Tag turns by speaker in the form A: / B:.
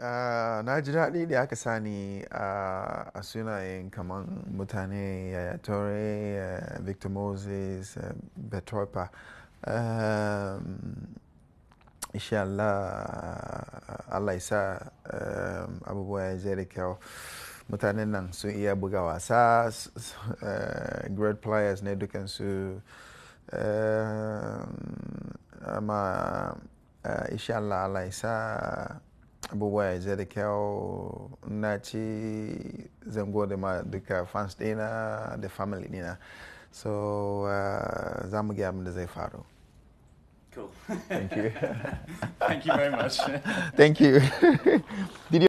A: Ah, na ji daɗi da aka sani ah, a sunayen kamar mutane yaya tore Victor Moses, eh, Betorpa. Ehm, insha Allah, Allah isa ehm, abubuwa ya je da kyau. Mutanen nan sun iya buga wasa, eh, great players ne dukansu. Ehm, amma eh, insha Allah, Allah isa abubuwa je da kyau na ci zan gode ma duka fans dina da family dina so uh, za mu gaya zai faru cool thank you
B: thank you very much
A: thank
C: you Did you